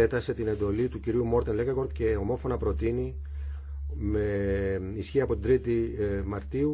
εξέτασε την εντολή του κυρίου Μόρτεν Λέγκαγκορτ και ομόφωνα προτείνει με ισχύ από την 3η ε, Μαρτίου